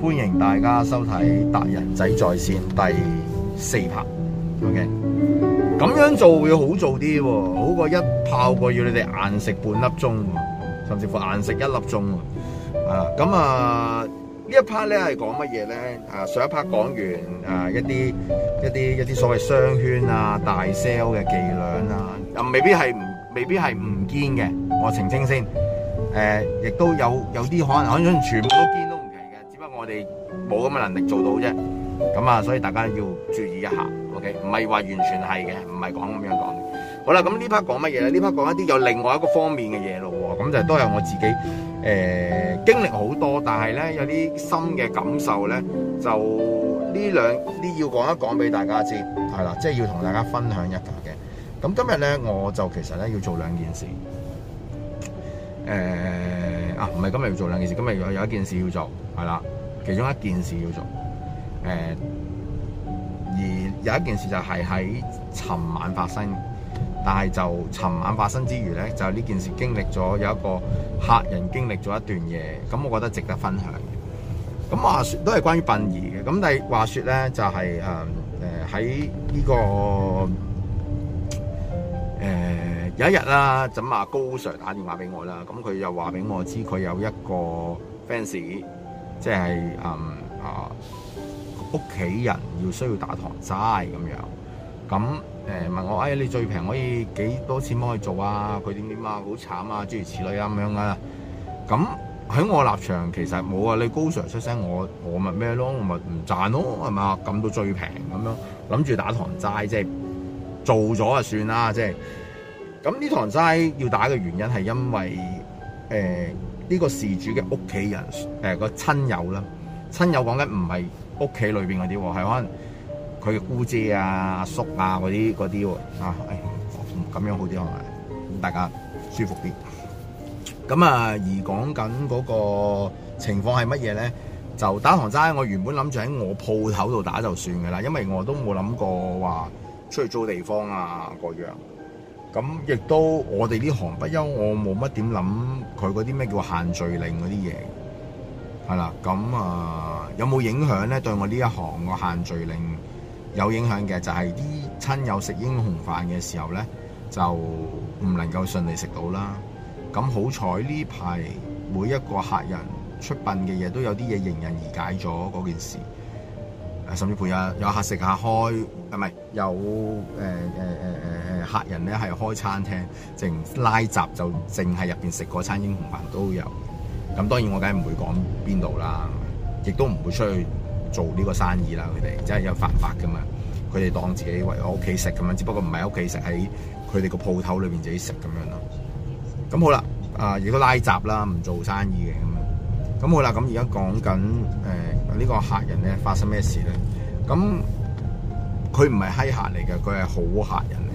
歡迎大家收睇《達仁仔在綫第四 part。OK，咁樣做會好做啲喎，好過一炮過要你哋硬食半粒鐘甚至乎硬食一粒鐘啊，咁啊，一呢一 part 咧，係講乜嘢咧？啊，上一 part 講完，啊一啲一啲一啲所謂商圈啊、大 sale 嘅伎倆啊，又、啊、未必係唔未必係唔堅嘅。我澄清先，誒、啊、亦都有有啲可能，可能全部都見到。你冇咁嘅能力做到啫，咁啊，所以大家要注意一下，OK？唔係話完全係嘅，唔係講咁樣講。好啦，咁呢 part 講乜嘢咧？呢 part 講一啲有另外一個方面嘅嘢咯，咁就是都有我自己誒、呃、經歷好多，但係咧有啲新嘅感受咧，就呢兩啲要講一講俾大家知，係啦，即、就、係、是、要同大家分享一下嘅。咁今日咧，我就其實咧要做兩件事，誒、呃，啊，唔係今日要做兩件事，今日有有一件事要做，係啦。其中一件事要做，誒、呃，而有一件事就係喺尋晚發生，但係就尋晚發生之餘咧，就呢件事經歷咗有一個客人經歷咗一段嘢，咁我覺得值得分享嘅。咁話說都係關於殯儀嘅，咁但係話說咧就係誒誒喺呢個誒、呃、有一日啦，咁啊高 sir 打電話俾我啦，咁佢又話俾我知佢有一個 fans。即係嗯啊屋企人要需要打堂齋咁樣，咁誒問我誒、哎、你最平可以幾多錢幫佢做啊？佢點點啊，好慘啊，諸如此類啊咁樣啊。咁喺我立場其實冇啊，你高 Sir 出聲，我我咪咩咯，我咪唔賺咯，係咪呀？咁到最平咁樣，諗住打堂齋即係做咗就算啦，即係。咁呢堂齋要打嘅原因係因為。誒，呢個事主嘅屋企人誒個親友啦，親友講緊唔係屋企裏邊嗰啲，係可能佢嘅姑姐啊、阿叔啊嗰啲嗰啲喎啊，咁樣好啲，可能大家舒服啲。咁啊，而講緊嗰個情況係乜嘢咧？就打堂齋，我原本諗住喺我鋪頭度打就算噶啦，因為我都冇諗過話出去租地方啊嗰樣。咁亦都我哋呢行不休，我冇乜點諗佢嗰啲咩叫限聚令嗰啲嘢，係啦。咁啊，有冇影響咧？對我呢一行個限聚令有影響嘅，就係啲親友食英雄飯嘅時候咧，就唔能夠順利食到啦。咁好彩呢排每一個客人出殯嘅嘢都有啲嘢迎刃而解咗嗰件事，甚至乎下有客食下開，係咪有誒誒誒誒。呃呃呃呃呃客人咧，係開餐廳，淨拉閘就淨係入邊食個餐英雄飯都有。咁當然我梗係唔會講邊度啦，亦都唔會出去做呢個生意啦。佢哋即係有發白㗎嘛，佢哋當自己為我屋企食咁樣，只不過唔係屋企食，喺佢哋個鋪頭裏邊自己食咁樣咯。咁好啦，啊如果拉閘啦，唔做生意嘅咁樣。咁好啦，咁而家講緊誒呢個客人咧發生咩事咧？咁佢唔係閪客嚟嘅，佢係好客人。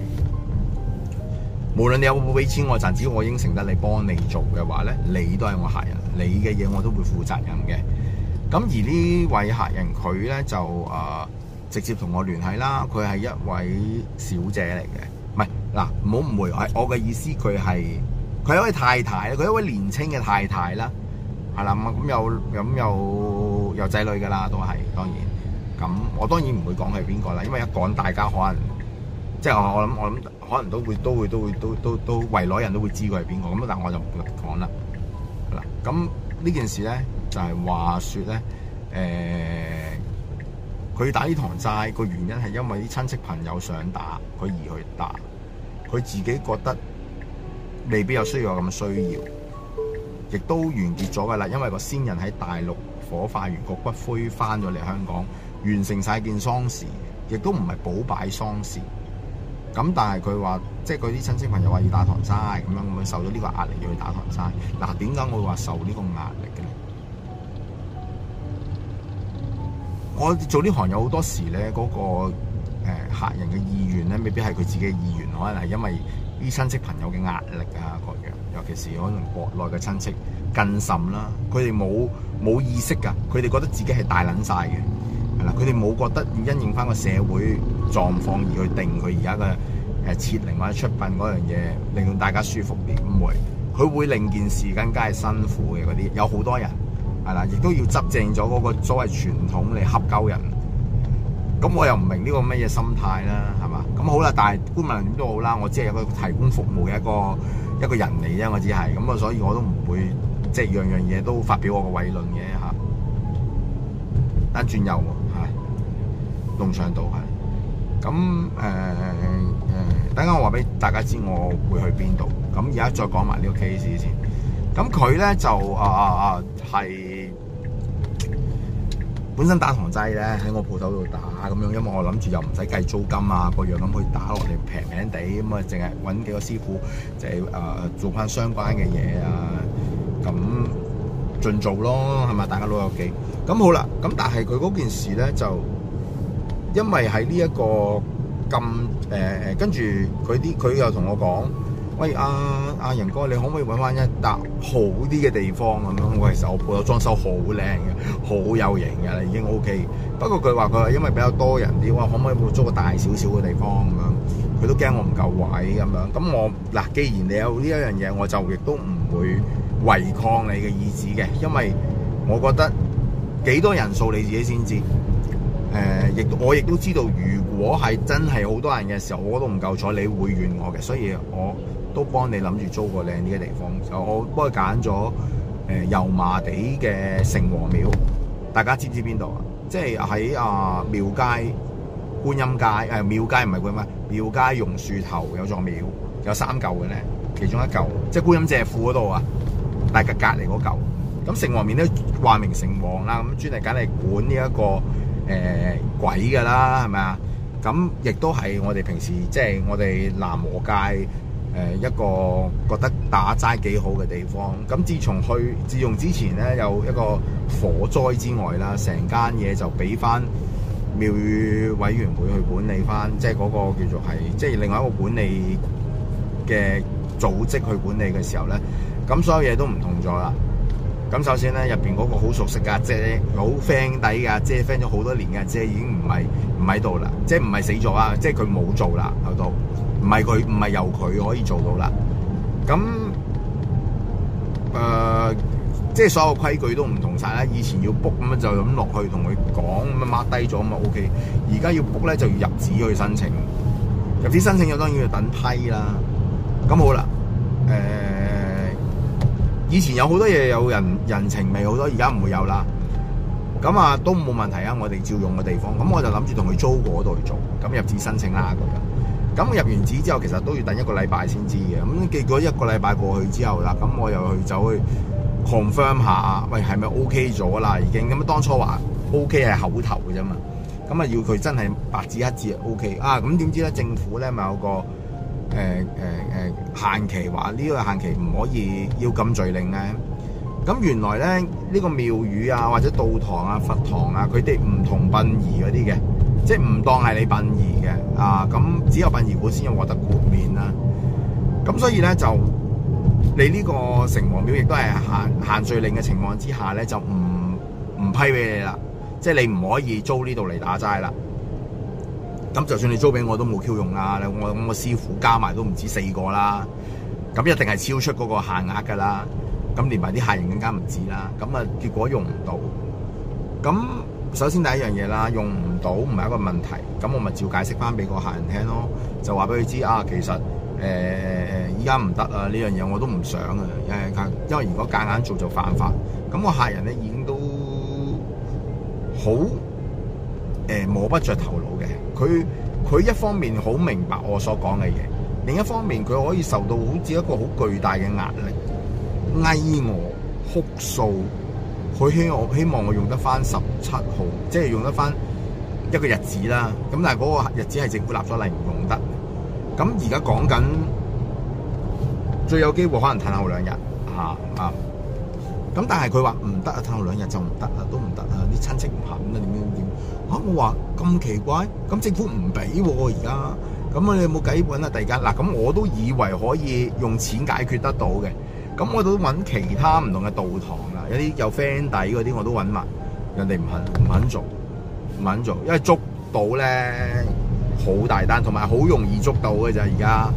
無論你有冇俾錢我賺，只要我應承得你幫你做嘅話咧，你都係我客人，你嘅嘢我都會負責任嘅。咁而呢位客人佢咧就誒直接同我聯繫啦，佢係一位小姐嚟嘅，唔係嗱，唔好誤會，我我嘅意思，佢係佢係一位太太，佢一位年輕嘅太太啦，係啦咁咁有咁有有仔女噶啦，都係當然。咁我當然唔會講係邊個啦，因為一講大家可能。即係我諗，我諗可能都會都會都會都都都圍內人都會知佢係邊個咁，但係我就唔講啦。咁呢件事呢，就係話説呢，誒佢打呢堂債個原因係因為啲親戚朋友想打佢而去打，佢自己覺得未必有需要咁需要，亦都完結咗㗎啦。因為個先人喺大陸火化完，個骨灰，翻咗嚟香港，完成晒件喪事，亦都唔係補擺喪事。咁但係佢話，即係佢啲親戚朋友話要打唐差咁樣，咁佢受咗呢個壓力要去打唐差。嗱、啊，點解我會話受呢個壓力嘅咧？我做呢行有好多時咧，嗰、嗰個、呃、客人嘅意願咧，未必係佢自己嘅意願，可能係因為啲親戚朋友嘅壓力啊，各樣，尤其是可能國內嘅親戚更甚啦，佢哋冇冇意識噶，佢哋覺得自己係大撚晒嘅，係啦，佢哋冇覺得要因應應翻個社會。狀況而去定佢而家嘅誒設靈或者出殯嗰樣嘢，令到大家舒服啲，唔會佢會令件事更加辛苦嘅嗰啲，有好多人係啦，亦都要執正咗嗰個所謂傳統你恰鳩人。咁我又唔明呢個咩嘢心態啦，係嘛？咁好啦，但係官民都好啦，我只係有個提供服務嘅一個一個人嚟啫，我只係咁啊，所以我都唔會即係樣各樣嘢都發表我個偉論嘅嚇。單、啊、轉右嚇，農、啊、場道係。咁誒誒，等間、呃、我話俾大家知，我會去邊度。咁而家再講埋呢個 case 先。咁佢咧就啊啊啊，係、呃、本身打堂祭咧，喺我鋪頭度打咁樣，因為我諗住又唔使計租金啊，各樣咁可以打落嚟平平地，咁啊淨係揾幾個師傅就啊、是呃、做翻相關嘅嘢啊，咁盡做咯，係咪？大家老友記。咁好啦，咁但係佢嗰件事咧就～因為喺呢一個咁誒誒，跟住佢啲佢又同我講，喂阿阿、啊啊、仁哥，你可唔可以揾翻一笪好啲嘅地方咁樣？我其實我鋪咗裝修好靚嘅，好有型嘅，已經 OK。不過佢話佢話因為比較多人啲，話可唔可以租個大少少嘅地方咁樣，樣？佢都驚我唔夠位咁樣。咁我嗱，既然你有呢一樣嘢，我就亦都唔會違抗你嘅意志嘅，因為我覺得幾多人數你自己先知。誒，亦、呃、我亦都知道，如果係真係好多人嘅時候，我都唔夠坐，你會怨我嘅，所以我都幫你諗住租個靚啲嘅地方。就我幫佢揀咗誒油麻地嘅城隍廟，大家知唔知邊度啊？即係喺啊廟街、觀音街誒廟、啊、街唔係觀音廟街榕樹頭有座廟，有三舊嘅咧，其中一舊即係觀音借庫嗰度啊，但係隔隔離嗰舊咁城隍廟都話名城隍啦，咁專係梗係管呢一個。誒、呃、鬼㗎啦，係咪啊？咁亦都係我哋平時即係我哋南和街誒、呃、一個覺得打齋幾好嘅地方。咁自從去自從之前咧，有一個火災之外啦，成間嘢就俾翻廟宇委員會去管理翻，即係嗰個叫做係即係另外一個管理嘅組織去管理嘅時候咧，咁所有嘢都唔同咗啦。咁首先咧，入邊嗰個好熟悉噶，姐，係好 friend 底噶，姐 friend 咗好多年嘅，姐已經唔係唔喺度啦，即係唔係死咗啦，即係佢冇做啦，後度唔係佢，唔係由佢可以做到啦。咁誒、呃，即係所有規矩都唔同晒啦。以前要 book 咁就咁落去同佢講，咁啊 mark 低咗啊嘛，OK。而家要 book 咧，就要入紙去申請，入紙申請咗當然要等批啦。咁好啦，誒、呃。以前有好多嘢有人人情味好多，而家唔會有啦。咁啊都冇問題啊，我哋照用嘅地方。咁我就諗住同佢租嗰度去做。咁入紙申請啦咁樣。咁入完紙之後，其實都要等一個禮拜先知嘅。咁結果一個禮拜過去之後啦，咁我又去走去 confirm 下，喂係咪 OK 咗啦已經？咁啊當初話 OK 係口頭嘅啫嘛，咁啊要佢真係白紙黑字 OK 啊。咁點知咧政府咧咪有個？誒誒誒，限期話呢、這個限期唔可以要禁聚令咧。咁原來咧呢、這個廟宇啊，或者道堂啊佛堂啊，佢哋唔同殯儀嗰啲嘅，即係唔當係你殯儀嘅啊。咁只有殯儀館先有獲得豁免啦，啊。咁所以咧，就你呢個城隍廟亦都係限限聚令嘅情況之下咧，就唔唔批俾你啦。即係你唔可以租呢度嚟打齋啦。咁就算你租俾我都冇 Q 用啦，我咁我師傅加埋都唔止四個啦，咁一定係超出嗰個限額噶啦，咁連埋啲客人更加唔止啦，咁啊結果用唔到，咁首先第一樣嘢啦，用唔到唔係一個問題，咁我咪照解釋翻俾個客人聽咯，就話俾佢知啊，其實誒依家唔得啊，呢、呃、樣嘢我都唔想啊，因為如果夾硬做就犯法，咁個客人咧已經都好。誒，摸不着頭腦嘅，佢佢一方面好明白我所講嘅嘢，另一方面佢可以受到好似一個好巨大嘅壓力，哀我哭訴，佢希我希望我用得翻十七號，即係用得翻一個日子啦。咁但係嗰個日子係政府立咗例，唔用得。咁而家講緊最有機會可能褪後兩日，嚇啊！啊咁但係佢話唔得啊，探兩日就唔得啊，都唔得啊！啲親戚唔肯啊，點樣點嚇、啊啊？我話咁奇怪，咁政府唔俾喎而家，咁你有冇計揾啊？第二間嗱，咁我都以為可以用錢解決得到嘅，咁我都揾其他唔同嘅道堂啦，有啲有 friend 底嗰啲我都揾埋，人哋唔肯唔肯做，唔肯做，因為捉到咧好大單，同埋好容易捉到嘅就係而家，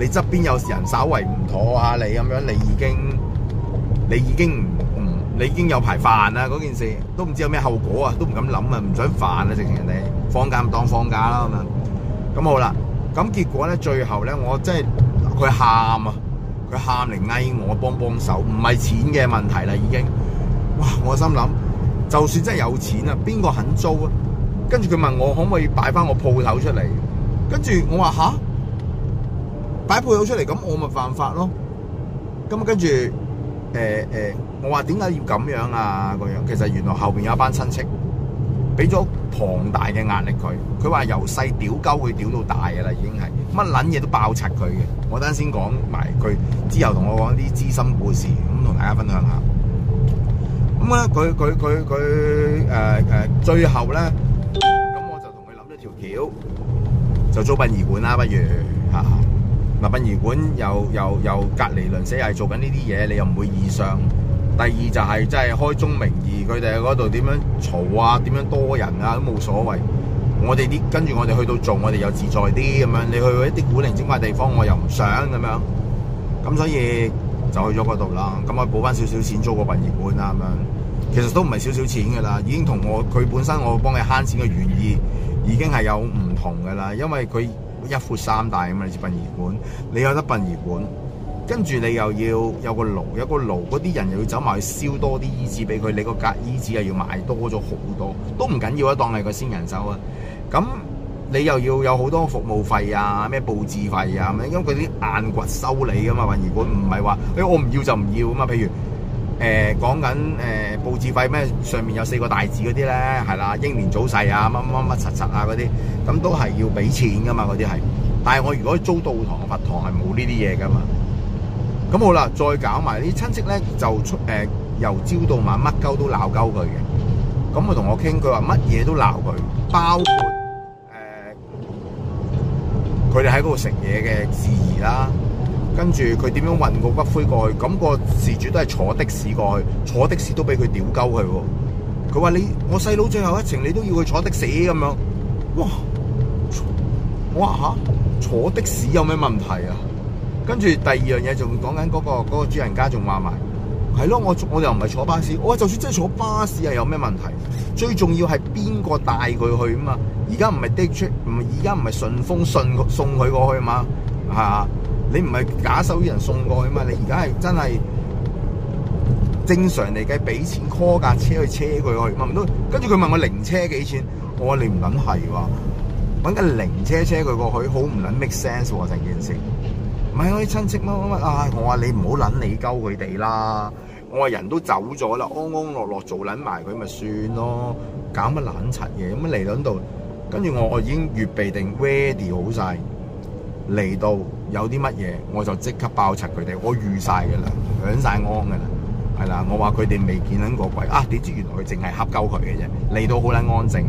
你側邊有時人稍為唔妥下你咁樣，你已經你已經。你已經有排煩啦，嗰件事都唔知有咩後果啊，都唔敢諗啊，唔想煩啊，直情人哋放假當放假啦咁樣。咁好啦，咁結果咧，最後咧，我真係佢喊啊，佢喊嚟嗌我幫幫手，唔係錢嘅問題啦，已經。哇！我心諗，就算真係有錢啊，邊個肯租啊？跟住佢問我可唔可以擺翻我鋪頭出嚟？跟住我話吓，擺鋪頭出嚟咁我咪犯法咯。咁跟住。誒誒、欸欸，我話點解要咁樣啊？個樣，其實原來後邊有一班親戚俾咗龐大嘅壓力佢，佢話由細屌鳩佢屌到大噶啦，已經係乜撚嘢都爆柒佢嘅。我等陣先講埋佢，之後同我講啲資深故事，咁同大家分享下。咁咧，佢佢佢佢誒誒，最後咧，咁我就同佢諗咗條橋，就租殯儀館啦，不如吓。啊嗱，殯儀館又又又隔離鄰舍，係做緊呢啲嘢，你又唔會意上。第二就係即係開宗明義，佢哋嗰度點樣嘈啊，點樣多人啊，都冇所謂。我哋啲跟住我哋去到做，我哋又自在啲咁樣。你去一啲古靈精怪地方，我又唔想咁樣。咁所以就去咗嗰度啦。咁我補翻少少錢租個殯儀館啦。咁樣其實都唔係少少錢噶啦，已經同我佢本身我幫你慳錢嘅原意，已經係有唔同噶啦，因為佢。一闊三大咁嘛，你似殯儀館，你有得殯儀館，跟住你又要有個爐，有個爐，嗰啲人又要走埋去燒多啲衣紙俾佢，你個隔衣紙又要買多咗好多，都唔緊要啊，當係個先人手啊。咁你又要有好多服務費啊，咩佈置費啊，咁因為佢啲硬骨收你噶嘛，殯儀館唔係話誒我唔要就唔要啊嘛，譬如。誒講緊誒佈置費咩？上面有四個大字嗰啲咧，係啦，英年早逝啊，乜乜乜乜實實啊嗰啲，咁都係要俾錢噶嘛，嗰啲係。但係我如果租道堂佛堂係冇呢啲嘢噶嘛。咁好啦，再搞埋啲親戚咧，就出誒、呃、由朝到晚乜鳩都鬧鳩佢嘅。咁佢同我傾，佢話乜嘢都鬧佢，包括誒佢哋喺嗰度食嘢嘅事宜啦。跟住佢點樣運個骨灰過去？咁個事主都係坐的士過去，坐的士都俾佢屌鳩佢喎。佢話你我細佬最後一程你都要去坐的士咁樣，哇！我話吓坐的士有咩問題啊？跟住第二樣嘢仲講緊嗰個主人家仲話埋，係咯，我我又唔係坐巴士，我就算真係坐巴士啊，有咩問題？最重要係邊個帶佢去嘛？而家唔係的出唔？而家唔係順風順送佢過去嘛？係啊。你唔係假收啲人送過去啊嘛？你而家係真係正常嚟計，俾錢 call 架車去車佢去，唔通跟住佢問我零車幾錢？我話你唔撚係喎，揾個零車車佢過去，過去好唔撚 make sense 喎，成件事。唔係我啲親戚咯，啊我話你唔好撚你鳩佢哋啦，我話人都走咗啦，安安樂樂做撚埋佢咪算咯，搞乜撚柒嘢咁嚟到呢度？跟住我已經預備定 ready 好曬。嚟到有啲乜嘢，我就即刻爆柒佢哋，我預晒㗎喇，享晒安㗎喇，係啦、嗯，我話佢哋未見緊個鬼啊！點知原來佢淨係恰鳩佢嘅啫。嚟到好撚安靜，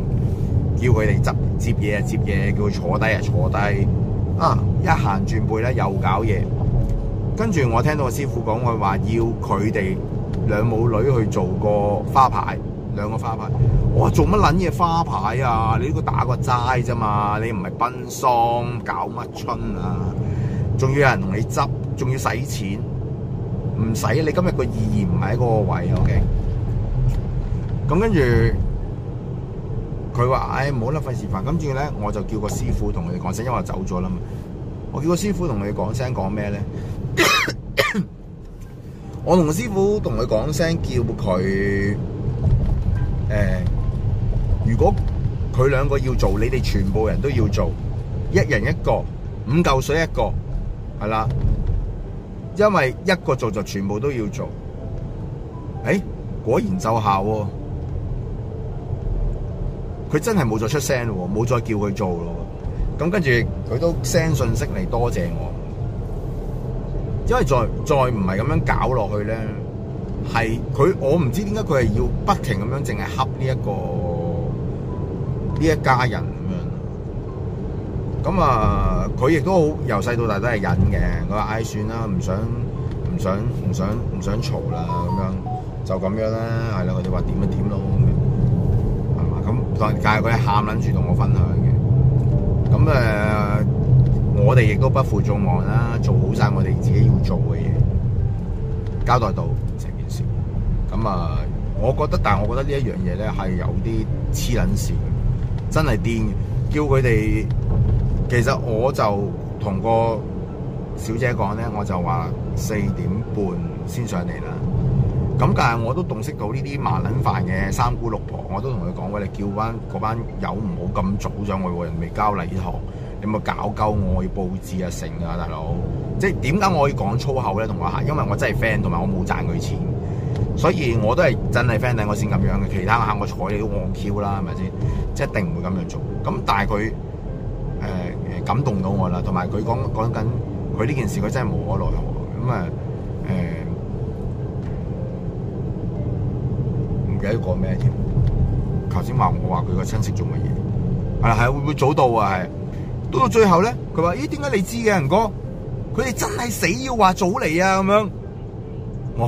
叫佢哋執接嘢啊，接嘢叫佢坐低啊，坐低啊，一行轉背咧又搞嘢。跟住我聽到個師傅講佢話，要佢哋兩母女去做個花牌，兩個花牌。哇做乜撚嘢花牌啊？你呢個打個齋啫嘛，你唔係奔喪搞乜春啊？仲要有人同你執，仲要使錢，唔使你今日個意義唔喺嗰個位，O K。咁、okay? 跟住佢話，唉，唔好甩費事煩。跟住咧，我就叫個師傅同佢哋講聲，因為我走咗啦嘛。我叫個師傅同佢哋講聲講咩咧？我同師傅同佢講聲叫佢誒。欸如果佢兩個要做，你哋全部人都要做，一人一個五嚿水一個係啦。因為一個做就全部都要做。誒，果然奏效，佢真係冇再出聲咯，冇再叫佢做咯。咁跟住佢都 send 信息嚟多謝我，因為再再唔係咁樣搞落去咧，係佢我唔知點解佢係要不停咁樣淨係恰呢一個。呢一家人咁樣，咁啊，佢亦都好由細到大都係忍嘅。佢話唉，算啦，唔想唔想唔想唔想嘈啦，咁樣就咁樣啦，係啦，佢哋話點就點咯，係嘛？咁但係佢喊緊住同我分享嘅，咁誒、啊，我哋亦都不負眾望啦，做好晒我哋自己要做嘅嘢，交代到成件事。咁啊，我覺得，但係我覺得呢一樣嘢咧係有啲黐撚線。真係癲，叫佢哋。其實我就同個小姐講咧，我就話四點半先上嚟啦。咁但係我都洞悉到呢啲麻撚飯嘅三姑六婆，我都同佢講：喂，你叫翻嗰班友唔好咁早上去喎，人未交禮堂，你咪搞鳩我，要佈置啊成啊，大佬！即係點解我要講粗口咧？同我嚇，因為我真係 friend，同埋我冇賺佢錢。所以我都係真係 friend 我先咁樣嘅，其他吓我睬你都戇 Q 啦，係咪先？即係一定唔會咁樣做。咁但係佢誒誒感動到我啦，同埋佢講講緊佢呢件事，佢真係無可奈何。咁啊誒，唔記得講咩添？頭先話我話佢個親戚做乜嘢？啊係會唔會早到啊？係到到最後咧，佢話：咦，點解你知嘅？人哥，佢哋真係死要話早嚟啊！咁樣。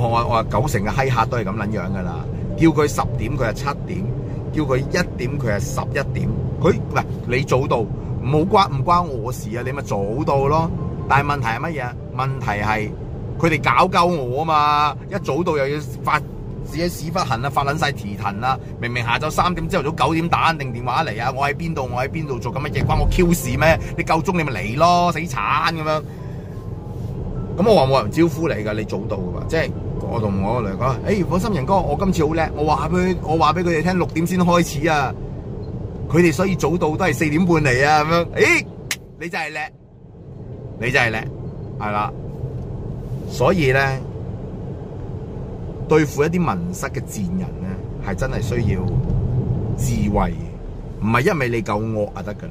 我我話九成嘅閪客都係咁撚樣噶啦，叫佢十點佢係七點，叫佢一點佢係十一點，佢唔、哎、你早到，冇關唔關我事啊，你咪早到咯。但係問題係乜嘢？問題係佢哋搞鳩我啊嘛，一早到又要發自己屎忽痕啊，發撚晒黐騰啦。明明下晝三點，朝頭早九點打定電話嚟啊，我喺邊度？我喺邊度做緊乜嘢？關我 Q 事咩？你夠鍾你咪嚟咯，死慘咁樣。咁我話冇人招呼你噶，你早到噶嘛？即係我同我個女講，誒、欸，如果心人哥，我今次好叻，我話佢，我話俾佢哋聽，六點先開始啊，佢哋所以早到都係四點半嚟啊咁樣。誒、欸，你真係叻，你真係叻，係啦。所以咧，對付一啲文識嘅賤人咧，係真係需要智慧，唔係因為你夠惡啊得噶。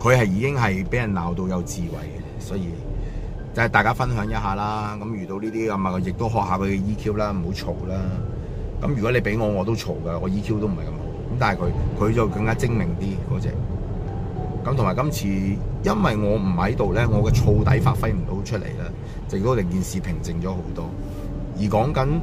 佢係已經係俾人鬧到有智慧嘅，所以。就係大家分享一下啦，咁遇到呢啲咁啊，亦都學下佢嘅 EQ 啦，唔好嘈啦。咁如果你俾我，我都嘈㗎，我 EQ 都唔係咁好。咁但係佢，佢就更加精明啲嗰隻。咁同埋今次，因為我唔喺度呢，我嘅燥底發揮唔到出嚟啦。就如果令件事平靜咗好多，而講緊，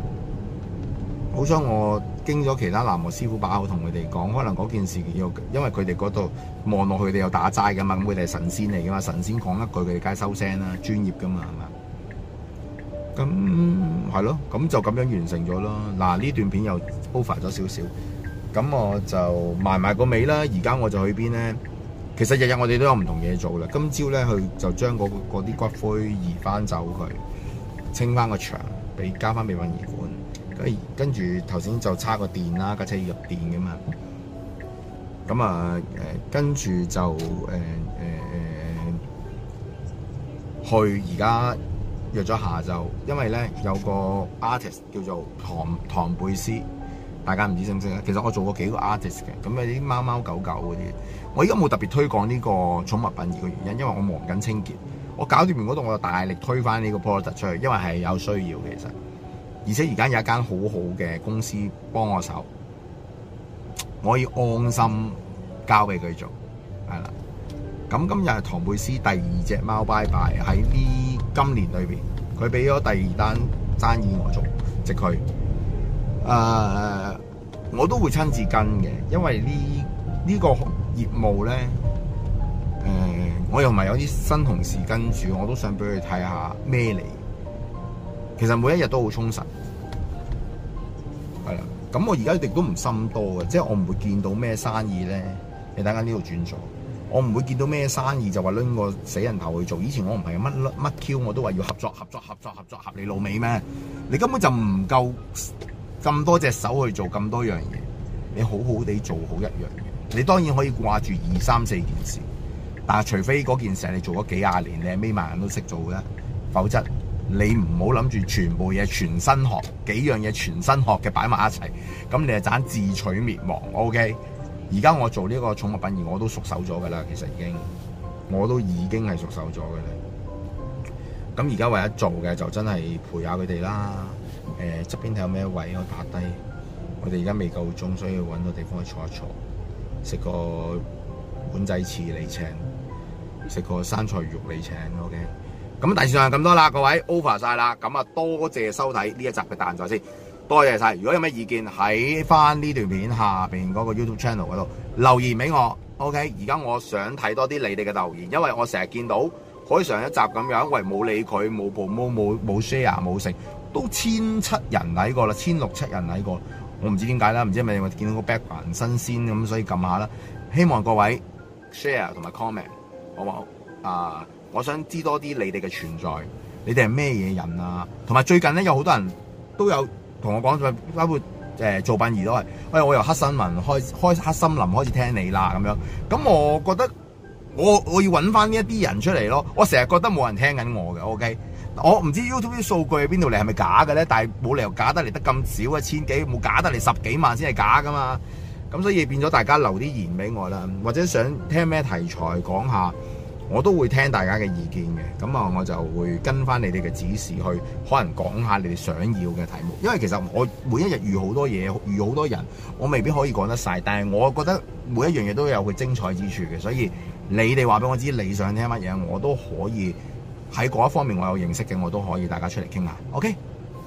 好彩我。經咗其他南無師傅把口同佢哋講，可能嗰件事又因為佢哋嗰度望落去，佢哋又打齋嘅嘛，咁佢哋係神仙嚟嘅嘛，神仙講一句，佢哋梗係收聲啦，專業嘅嘛，係嘛？咁係咯，咁就咁樣完成咗咯。嗱，呢段片又 over 咗少少，咁我就埋埋個尾啦。而家我就去邊呢？其實日日我哋都有唔同嘢做啦。今朝咧，佢就將嗰啲骨灰移翻走佢，清翻個牆，俾加翻俾雲跟住頭先就叉個電啦，架車要入電㗎嘛。咁啊誒，跟住就誒誒、呃呃、去而家約咗下晝，因為咧有個 artist 叫做唐唐貝斯，大家唔知識唔識咧？其實我做過幾個 artist 嘅，咁有啲貓貓狗狗嗰啲。我而家冇特別推廣呢個寵物殯儀嘅原因，因為我忙緊清潔。我搞掂完嗰度，我就大力推返呢個 product 出去，因為係有需要嘅。其實。而且而家有一間好好嘅公司幫我手，我可以安心交俾佢做，係啦。咁今日係唐貝斯第二隻貓拜拜，喺呢今年裏邊，佢俾咗第二單生意我做。值佢。誒、呃，我都會親自跟嘅，因為呢呢、這個業務咧，誒、呃，我又唔係有啲新同事跟住，我都想俾佢睇下咩嚟。其實每一日都好充實。咁我而家亦都唔心多嘅，即係我唔會見到咩生意咧。你等下呢度轉咗，我唔會見到咩生意就話拎個死人頭去做。以前我唔係乜乜 Q 我都話要合作合作合作合作合你老味咩？你根本就唔夠咁多隻手去做咁多樣嘢。你好好地做好一樣嘢，你當然可以掛住二三四件事，但係除非嗰件事你做咗幾廿年，你係眯埋眼都識做嘅，否則。你唔好諗住全部嘢全新學，幾樣嘢全新學嘅擺埋一齊，咁你就盞自取滅亡。O K，而家我做呢個寵物品，而我都熟手咗噶啦，其實已經我都已經係熟手咗噶啦。咁而家唯一做嘅就真係陪下佢哋啦。誒側邊睇有咩位可打低，我哋而家未夠鐘，所以要揾個地方去坐一坐，食個碗仔翅你請，食個生菜魚肉你請。O K。咁大致上咁多啦，各位 over 晒啦，咁啊多謝收睇呢一集嘅達仁在線，多謝晒！如果有咩意見喺翻呢段片下邊嗰個 YouTube channel 嗰度留言俾我。OK，而家我想睇多啲你哋嘅留言，因為我成日見到可上一集咁樣，喂冇理佢，冇冇冇冇冇 share 冇成，都千七人睇過啦，千六七人睇過，我唔知點解啦，唔知係咪見到個 background 新鮮咁，所以撳下啦。希望各位 share 同埋 comment，好唔好啊？Uh, 我想知多啲你哋嘅存在，你哋係咩嘢人啊？同埋最近咧，有好多人都有同我講咗，包括誒做、呃、殯儀都係，哎，我由黑新聞開，開開黑森林開始聽你啦咁樣。咁我覺得我我要揾翻呢一啲人出嚟咯。我成日覺得冇人聽緊我嘅，OK？我唔知 YouTube 數據喺邊度嚟，係咪假嘅咧？但係冇理由假得嚟得咁少啊，一千幾冇假得嚟十幾萬先係假噶嘛。咁所以變咗大家留啲言俾我啦，或者想聽咩題材講下。我都會聽大家嘅意見嘅，咁啊我就會跟翻你哋嘅指示去，可能講下你哋想要嘅題目。因為其實我每一日遇好多嘢，遇好多人，我未必可以講得晒。但係我覺得每一樣嘢都有佢精彩之處嘅，所以你哋話俾我知你想聽乜嘢，我都可以喺嗰一方面我有認識嘅，我都可以大家出嚟傾下。OK，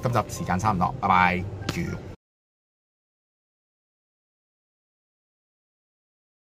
今集時間差唔多，拜拜。You.